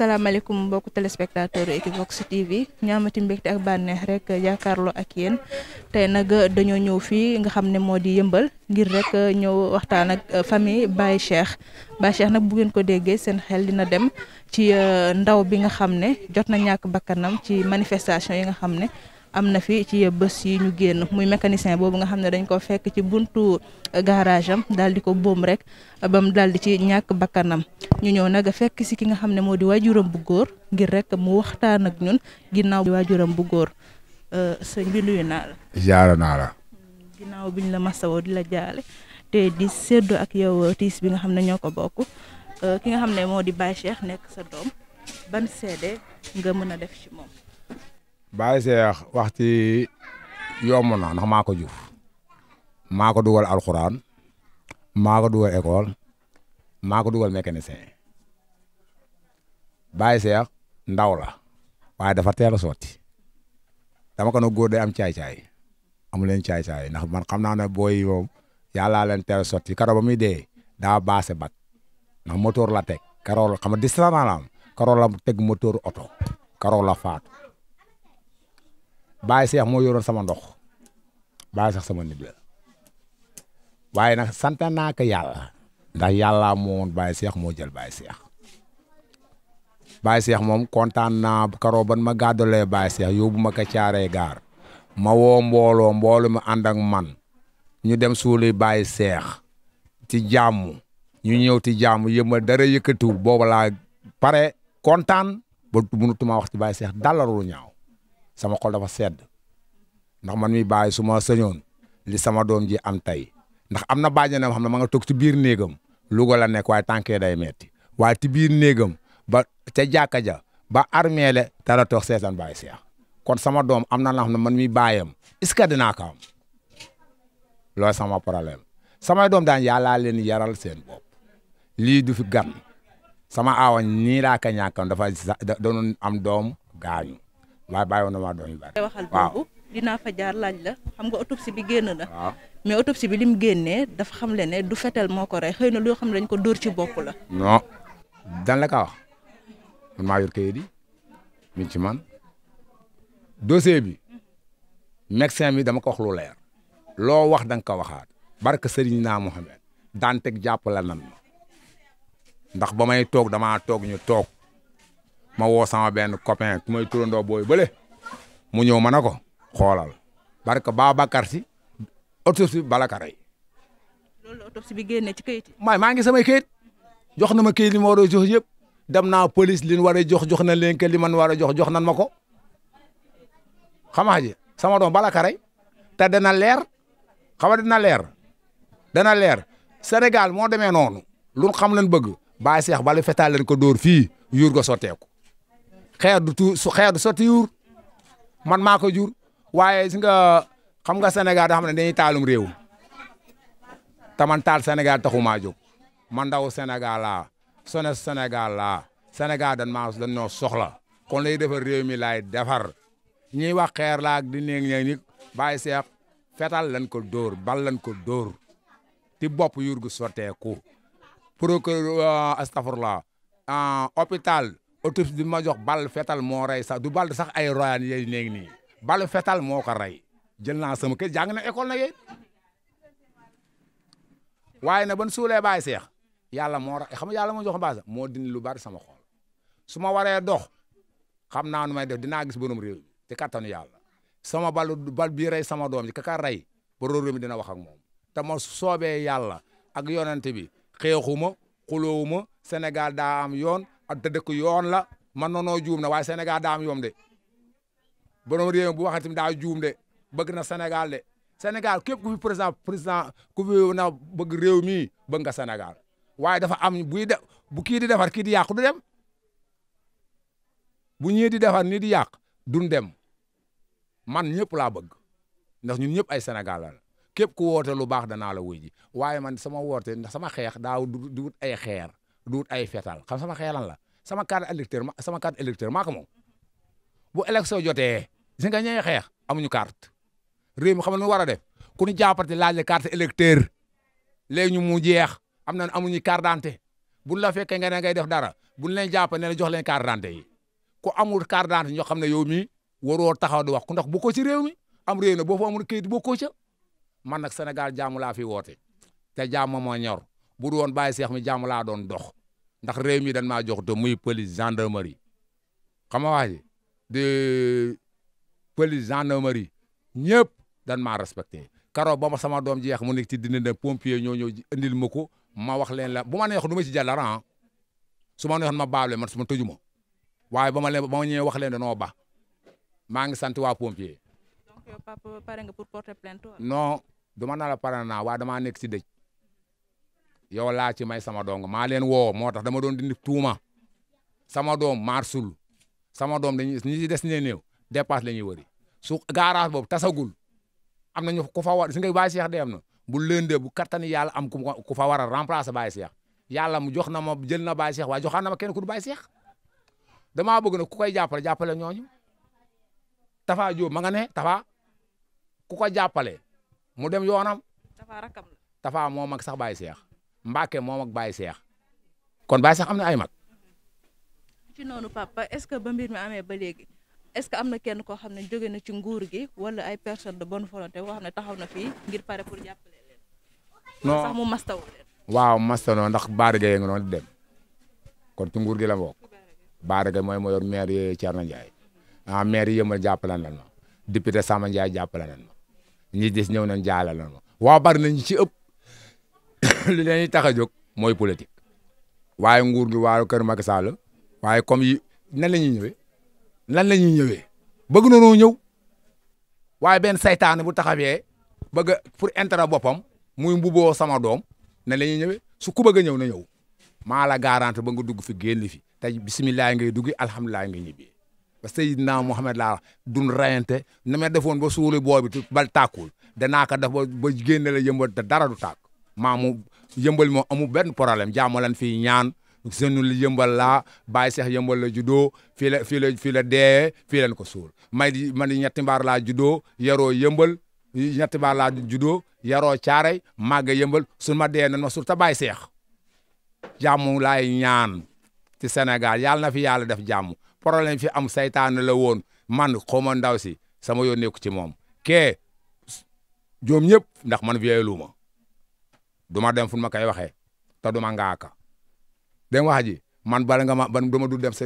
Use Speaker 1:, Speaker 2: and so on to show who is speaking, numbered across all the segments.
Speaker 1: mbokku asalaamaaleykum mbokki téléspectateur Equivox TV ñu amati mbégte ak bànneex rek jàkkaarloo ak yéen tey nag dañoo ñëw fii nga xam ne moo di yëmbal ngir rek ñëw waxtaan ak famille Baye Cheikh Baye Cheikh nag bu ngeen ko déggee seen xel dina dem ci euh, ndaw bi nga xam ne jot na ñàkk bakkanam ci manifestation yi nga xam ne. am na fi ci bés yi ñu génn muy mécanicien boobu nga xam ne dañ koo fekk ci buntu euh, garage am daal di ko boom rek ba mu daal di ci ñàkk bakkanam ñu ñëw nag fekk si ki nga xam ne moo di waajuram bu góor ngir rek mu waxtaan ak ñun ginnaaw di waajuram bu góor euh, sëñ bi nuyu naa la. jaara naa la. ginnaaw biñ la masawoo di la jaale te di séddoo ak yow tiis bi nga xam ne ñoo ko bokk euh, ki nga xam ne moo di Baye nekk sa doom ban seede nga mën a def ci moom.
Speaker 2: Baye Cheikh waxti yomb na ndax maa ko jur maa ko dugal alxuraan maako ko dugal école maa ko dugal mécanicien Baye Cheikh ndaw la waaye dafa teel sotti dama ko na góor day am caay-caay amu leen caay-caay ndax man xam naa ne booy moom leen teel a sotti karo ba muy dee daa baase bat na moteur la teg karo xam nga distance la am karo la teg moteur oto karo la faatu. Baye Cheikh moo yoroon sama ndox Baye Cheikh sama nit la waaye nag sant naa ko yàlla ndax yàlla moo woon Baye Cheikh moo jël Baye Cheikh Baye Cheikh moom kontaan naa karoo ban ma gàddalee Baye Cheikh yóbbu ma ko caaree gaar ma woo mbooloo mboolu mu ànd ak man ñu dem suuli baay Cheikh ci jàmm ñu ñëw ci jàmm yëma dara yëkkatiwul booba laa pare kontaan ba mënutuma wax ci Baye Cheikh dalaru ñaaw sama xol dafa sedd ndax man mi bàyyi su ma sañoon li sama doom ji am tey ndax am na bàjjenam xam ne ma nga toog ci biir néegam Louga la nekk waaye tànkee day metti waaye ci biir néegam ba te jàkka ja ba armeele te la toog seetaan bàyyi seex kon sama doom am na la xam man mi baayam est-ce que dinaa ko am loolu sama problème samay doom daan yàllaa leen yaral seen bopp lii du fi gan sama aawañ nii laa ko dafa am doom gaañu waaye bàyyi woon na maa doom yu bari waxal boobu
Speaker 1: dinaa fa jaar laaj la xam nga autopsie bi génn na mais autopsie bi mu génnee dafa xam le ne du feteel moo ko rey xëy na loo xam ne dañ ko dóor ci bopp la
Speaker 2: non dan la ka wax ci man dossier bi médecin bi dama ko wax lu loo wax da ko waxaat barke sëriñ naa Mohamed daan teg jàppale nan ma ndax ba may toog dama toog ñu toog ma woo sama benn copain ku may turandoo booy bële mu ñëw ma ne ko xoolal barke Babacar si autopsie bala ka rey.
Speaker 1: bi génne ci kayit
Speaker 2: maa ngi samay kayit jox na ma kayit li ma war a jox dem naa police li war a jox jox nañ leen li man war a jox jox nan ma ko xamaa sama doom bala ka rey te dana leer xama dina leer dana leer Sénégal moo demee noonu lu xam lan bëgg. Baye Cheikh bala fetaal leen ko dóor fii yuur ko sotteeku. xeer du tuur su xeer yuur man maa ko jur waaye si nga xam nga senegal da xam ne dañuy taalum réew te man taal Sénégal taxu maa jóg man ndaw Sénégal laa sone Sénégal laa Sénégal dañ maa dañ noo soxla kon lay defar réew mi laay defar ñiy wax xeer laa di néeg ñeeg ñi bàyyi seex fetal lan ko dóor bal lan ko dóor ti bopp yuur gu sotteeku procureur euh, astafurla hôpital autopsie bi ma jox bal fetal moo rey sax du balle sax ay royaan yey néegi fetal moo ko rey jël naa sama kër jàng na école na yéen waaye na ban suulee baay seex yàlla moo ra xam nga yàlla moo jox baasa moo dindi lu bari sama xol su ma waree dox xam naa nu may def dinaa gis borom réew mi ci kattanu yàlla sama bal bal bii rey sama doom ji kaka rey borom réew dina wax ak moom te ma soobee yàlla ak yonante bi xeexuma xulóowuma Sénégal senegal daam yoon te dëkk yoon la man noonoo juum na waaye Sénégal daa am yoom de borom réew bu waxatim daa juum de bëgg na senegal de Sénégal képp ku fi président président ku fi na bëgg réew mi bëgg nga Sénégal waaye dafa am buy de bu kii di defar kii di yàq du dem bu ñii di defar nii di yàq duñ dem man ñëpp laa bëgg ndax ñun ñëpp ay Sénégal la képp ku woote lu baax danaa la wuy waaye man sama woote ndax sama xeex daaw du wut ay xeer duut ay fetal xam sama xeelan la sama carte électeur sama carte électeur maa ko moom bu élection jotee si nga xeex amuñu carte réew mi xam nga lu war a def ku ñu jàppati laaj la carte électeur léegi ñu mu jeex am nañ amuñu carte d'identité bu la fekkee nga ne ngay def dara bu buñ leen jàpp ne la jox leen carte d'identité yi ku amul carte d'identité ñoo xam ne yow mii waroo taxaw di wax ku ndax bokkoo ci réew mi am réew na boo fa amul kayit bokkoo ca man nag Sénégal jaamu laa fi woote te jaamu moo ñor bu doon bàyyi seex mi jaamu laa doon dox. ndax réew mi dañ maa jox te muy police gendarmerie xam nga waa ji de police gendarmerie ñëpp dañ maa respecté karo ba ma sama doom jeex mu nekk ci dina ne pompier ñoo ñëw indil ma ko ma wax leen la bu ma neex du ma ci jàll ah. su ma neexoon ma baale man su ma tëju ma waaye ba ma leen ba ñëwee wax leen danoo ba maa ngi sant waa pompier.
Speaker 1: donc yow nga pour porter plainte.
Speaker 2: non dama naa la pare naa waa damaa nekk ci dëj. yow laa ci may sama doom maa leen woo moo tax dama doon dindi tuuma sama doom marsul sama doom dañuy ñi ci des ne néew dépasse la ñuy wëri su garage boobu tasagul am nañu ku fa war si de na bu lëndee bu kattani yàlla am ku fa war a remplacer bàyyi seex yàlla mu jox na ma jël na bàyyi seex waaye joxaan na ma kenn ku du bàyyi seex damaa bëgg nag ku koy jàppale jàppale ñooñu Tafa ma nga ne Tafa ku ko jàppale mu dem yoonam. Tafa rakam la Tafa moo mag sax bàyyi seex. Mbacke moom ak Baye Cheikh kon Baye Cheikh am na ay mag.
Speaker 1: ci noonu papa est-ce que ba mbir mi amee ba léegi est-ce que am na kenn koo xam ne jóge na ci nguur gi wala ay personne de bonne volonté boo xam ne taxaw na fii ngir pare pour jàppale leen. non sax mu mastaw
Speaker 2: leen. waaw mastanoo ndax Baara Gueye nga noonu dem kon ci nguur gi la bokk Baara Gueye mooy moo yor maire yi Thierno Ndiaye ah maire yi yëmal jàppale lan ma député Sama Ndiaye jàppale lan ma ñi des ñëw nañ jaala lan ma waaw bari nañ ci ëpp. li leen tax a jóg mooy politique waaye nguur gi waa kër Macky Sall waaye comme yi nan la ñuy ñëwee nan la ñuy ñëwee bëgg na noo ñëw waaye benn saytaan bu taxawee bëgg pour intérêt boppam muy mbuboo sama doom nan la ñuy ñëwee su ku bëgg ñëw na ñëw maa la garanti ba nga dugg fi génn fi tey bisimilah ngay dugg alhamdulilah ngay ñibbi ba Seydina Mohamed laa dun rayante na ma defoon ba suuli boobi bal tàkkul danaa ko def ba génne la yëmbat dara du tàkk. maamu yëmbal moo amul benn problème jaamu lan fii ñaan seen lu yëmbal laa bàyyi yëmbal la juddoo fii la fii la fii la dee fii leen ko suul may man ñetti mbaar laa juddoo yaroo yëmbal ñetti mbaar laa juddoo yaroo caaray màgga yëmbal su ma dee nan ma suul ta bàyyi seex jàmm laay ñaan ci senegal yàlla na fi yàlla def jàmm problème fi am saytaan la woon man xaw ma ndaw si sama yoon nekku ci moom kee joom ñëpp ndax man vieillu ma duma dem fu ma koy waxee te du ma ngaaka dem wax ji man bala nga ma ban du ma dul dem sa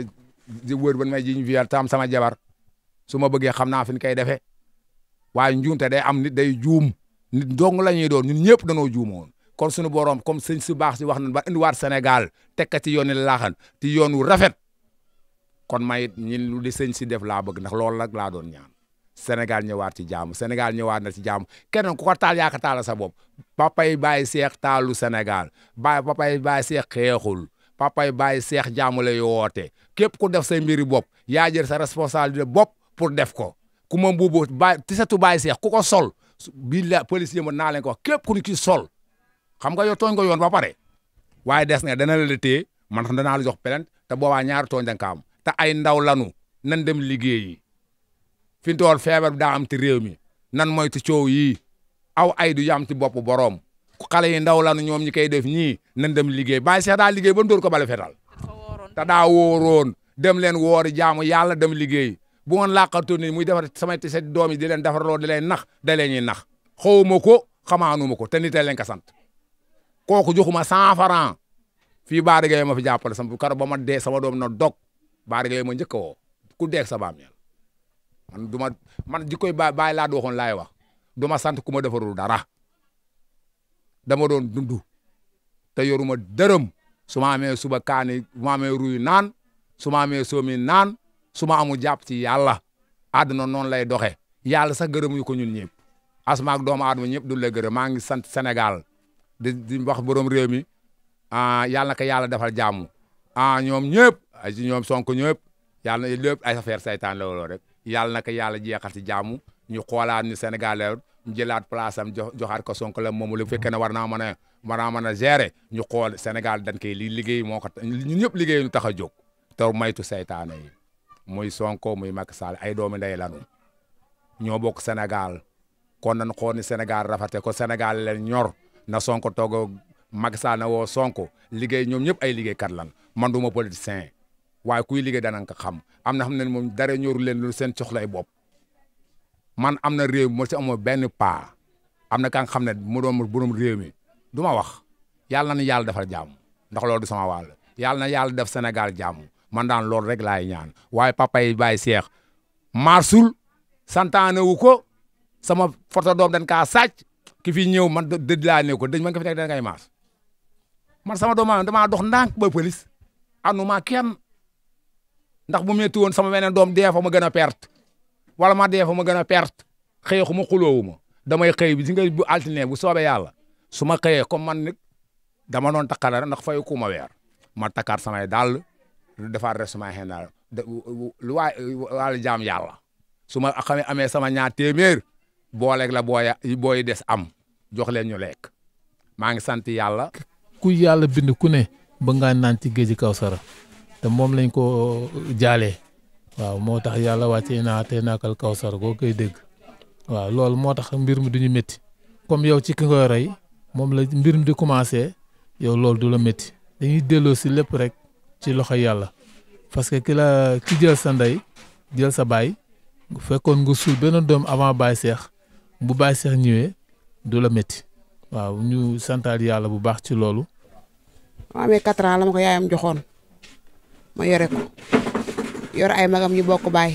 Speaker 2: wër ban may ji ñu vial tam sama jabar su ma bëggee xam naa fi ñu koy defee waaye njuumte day am nit day juum nit dong la ñuy doon ñun ñëpp danoo juumoon kon suñu borom comme sëñ su baax si wax nañ ba indiwaat Sénégal tekka ci yoon yi laaxan ci yoon wu rafet kon may ñin lu di sëñ si def laa bëgg ndax loolu nag laa doon ñaan. Sénégal ñëwaat ci jaamu Sénégal ñëwaat na ci jaamu keneen ku ko taal yaa ko taala sa bopp papay bàyyi seex taalu Sénégal bàyyi papay bàyyi seex xeexul papay bàyyi seex jaamu lay woote képp ku def say mbiri bopp yaa jël sa responsabilité bopp pour def ko ku ma mbuubu bàyyi tisatu bàyyi seex ku ko sol bii la policier ma naa leen ko képp ku sol xam nga yow tooñ nga yoon ba pare waaye des nga dana la la téye man danaa la jox plainte te boobaa ñaari tooñ da te ay ndaw lanu nan dem liggéeyi. fi feebar bi daa am ci réew mi nan moytu coow aw ay du yam ci bopp boroom xale yi ndaw lanu ñoom ñi koy def ñii nan dem liggéey bàyyi seex daa bon dor dóor ko bale fetal te daa wóoroon dem leen woori jaamu yàlla dem liggéey bu ngoon làqartu ni muy defar samay sa doom yi di leen defarloo di leen nax da leen ñuy nax xawuma ko xamaanuma ko te nit leen ko sant kooku joxuma cent franc fii Baara Gueye ma fi jàppale sama karo ba ma dee sama doom na dog Baara Gueye ma njëkk a woo ku deeg sa baam man du ma man jikkoy baay baay laa waxoon laay wax du sant ku ma defarul dara dama doon dundu te yoruma dërëm su ma amee suba kaani su ma amee naan suma ma amee soomi naan su ma amul jàpp ci yàlla àdduna noonu lay doxee yàlla sax gërëmuñu ko ñun ñëpp asma ak doomu aadama ñëpp du la gërëm maa ngi sant senegal di di wax borom réew mi ah yàlla na ko yàlla defal jàmm ah ñoom ñëpp ay ñoom sonk ñëpp yàlla na lépp ay affaire saytaan la loolu rek. yàlla na ko yàlla jeexal ci jaamu ñu xoolaat ñu Sénégal ñu jëlaat place am joxaat ko Sonko la moom lu fekkee ne war naa mën a war naa mën a gérer ñu xool Sénégal dan koy li liggéey moo ko ñun ñëpp liggéey ñu tax a jóg te maytu seytaane yi muy Sonko muy Macky Sall ay doomi ndey lanu ñoo bokk senegal kon nañ xool ni Sénégal rafete ko Sénégal leen ñor na Sonko toog Macky Sall na woo Sonko liggéey ñoom ñëpp ay liggéeykat lan man du ma politicien waaye kuy liggéey danañ ko xam am na xam ne moom dara ñoru leen lu seen soxlay bop man am na réew mo si amoo benn paa am na ka xam ne mu doon borom réew mi du ma wax yàlla na yàlla defal jàmm ndax loolu du sama wàll yàlla na yàlla def senegal jàmm man daan loolu rek laay ñaan waaye papa yi bàyyi seex marsul santaane wu ko sama foto doom dañ ka sàcc ki fi ñëw man dëdd laa ne ko dëj man nga fi nekk da ngay mars man sama doom damaa dox ba police anu ma ndax bu metti woon sama beneen doom dee fa ma gën a perte wala ma dee fa ma gën a perte xëyexu ma xuloowu ma damay xëy bi si nga bu altine bu soobee yàlla su ma xëyee comme man nag dama noon takkaare ndax fay ku ma weer ma takkaat samay dàll defaat rek sama xëy lu waay wàllu jaam yàlla su ma xamee amee sama ñaar téeméer booleeg la booya booy des am jox leen ñu lekk maa ngi sant yàlla. ku yàlla bind ku ne ba ngaa naan ci géej gi Kawsara te moom lañ ko euh, jaalee waaw moo tax yàlla wàcce naa tey naakal kawsar boo koy dégg waaw loolu moo tax mbir mu du ñu métti comme yow ci ki nga rey moom la mbir mi di commencé yow loolu du la metti dañuy delloo si lépp rek ci loxo yàlla parce que ki la ki jël sa ndey jël sa baay bu fekkoon nga suul benn doom avant baay seex bu baay seex ñëwee du la métti waaw ñu santaal yàlla bu baax ci loolu.
Speaker 3: ma amee quatre ans la ma ko yaayam joxoon. ma yore ko yor ay magam ñu bokk baay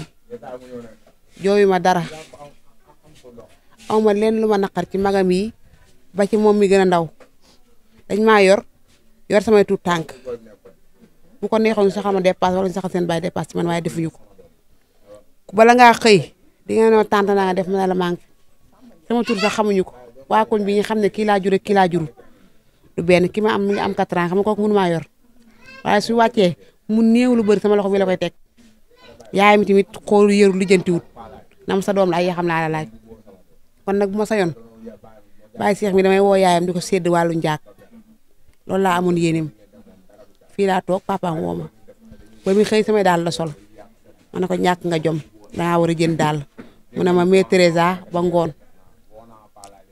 Speaker 3: jooyu ma dara aw ma leen lu ma naqar ci magam yi ba ci moom mi gën a ndaw dañ maa yor yor samay tuut tànk bu ko neexoon sax ma dépasse wala ñu sax seen baay dépasse man waaye defuñu ko ku bala ngaa xëy di nga noo tànt naa def ma la manqué sama tur sax xamuñu ko waa koñ bi ñu xam ne kii laa jure kii laa jurul benn ki ma am mi am quatre xam nga kooku mënu maa yor waaye su wàccee mu néew lu bëri sama loxo bi la koy teg yaay mi tamit xool yëru lijjantiwut na mu sa doom la ay xam laa la laaj kon nag bu ma sañoon bàyyi seex mi damay woo yaayam di ko sédd wàllu njaag loolu laa amoon yéenim fii laa toog papaam woo ba mi xëy samay daal la sol ma ko ñàkk nga jom dangaa war a jënd daal mu ne ma maîtresa ba ngoon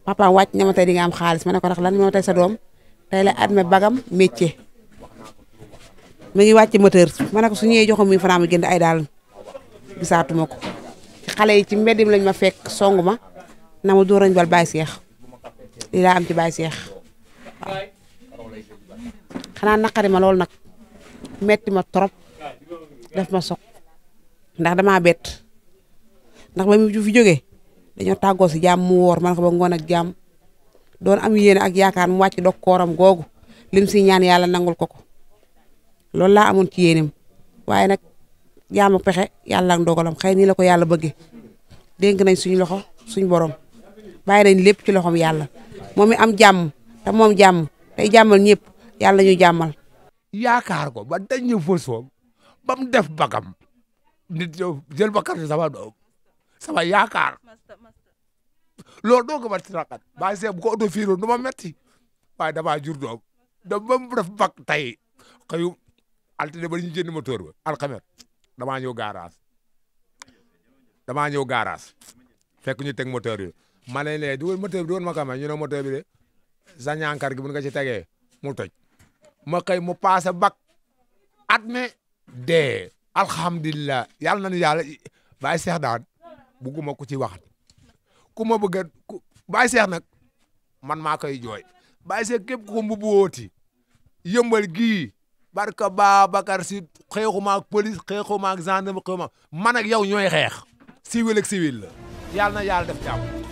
Speaker 3: papaam wàcc na tey di am xaalis ma ne ko tax lan ma tey sa doom tey la adme bagam métier mi ngi wàcc moteur ma ne ko su ñëwee joxo muy franc ma jënd ay daal gisaatuma ko xale yi ci mbeddi lañ ma fekk song ma na ma dóorañ bal bay seex lii laa am ci bay seex xanaa naqari ma loolu nag metti ma trop def ma soog ndax damaa bett ndax ba mu fi jóge dañoo tàggoo si jàmm mu woor man ko ba ngoon ak jàmm doon am yéene ak yaakaar mu wàcc dog kooram googu lim si ñaan yàlla nangul ko ko loolu laa amoon ci yéenam waaye nag yaa ma pexe yàlla ak ndogalam xëy nii la ko yàlla bëggee dénk nañ suñu loxo suñu borom bàyyi nañ lépp ci loxom yàlla moom mi am jàmm te moom jàmm tey jàmmal ñëpp yàlla ñu jàmmal.
Speaker 2: yaakaar ko ba dañ ñu fóosoom ba mu def bagam nit yow jël ba carte sama doom sama yaakaar loolu doo ko ba tirakat ba see bu ko oto jur doom da altine ba ñu jënd moteur ba alxamet damaa ñëw garage damaa ñëw garage fekk ñu teg moteur yi ma ne leen dugal moteur bi dugal ma kame ñu ne moteur bi de sa ñànkar gi bu nga ci tegee mu toj ma xëy mu paase bak at me dee alhamdulilah yàlla na nu yàlla bàyyi seex daan bugguma ku ci waxati ku ma bëgg a ku bàyyi seex nag man maa koy jooy bàyyi seex képp ku ko mbubu wooti yëmbal gii barka Babacar si xeexuma ak police xeexuma ak gendarme xeexuma man ak yow ñooy xeex civil ak la yàlla na yàlla def jàmm